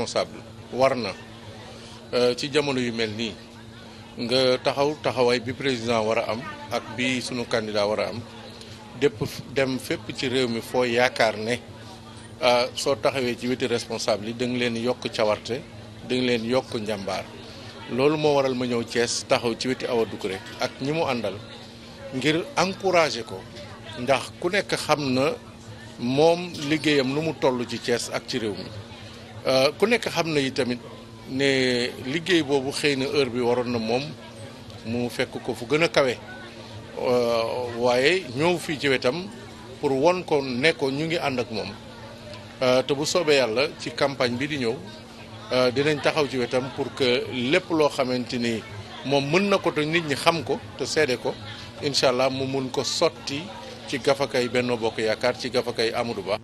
responsable war na euh, ci jamono yu mel nii nga taxaw taxawaay bi président war a am ak bi sunu candidat war a am dépp dem fépp ci réew mi foo yaakaar ne euh, soo taxawee ci weti responsable yi da nga leen yokk cawarte da nga leen yokk njàmbaar loolu moo waral ma ñëw cees taxaw ci weti Awa Doucouré ak ñi mu àndal ngir encourager ko ndax ku nekk xam na moom liggéeyam lu mu toll ci cees ak ci réew mi Euh, ku nekk xam na yi tamit ne liggéey boobu xëy na heure bi waroon na moom mu fekk ko fu gën a kawe euh, waaye ñëw fii ci wetam pour won ko nekkoon ñu ngi ànd ak moom euh, te bu soobee yàlla ci campagne bi di ñëw dinañ taxaw ci wetam pour que lépp loo xamante ni moom mën na ko te nit ñi xam ko te seede ko incha allah mu mun ko sotti ci gafakay Benno Bokk Yaakaar ci gafakay Amadou Ba.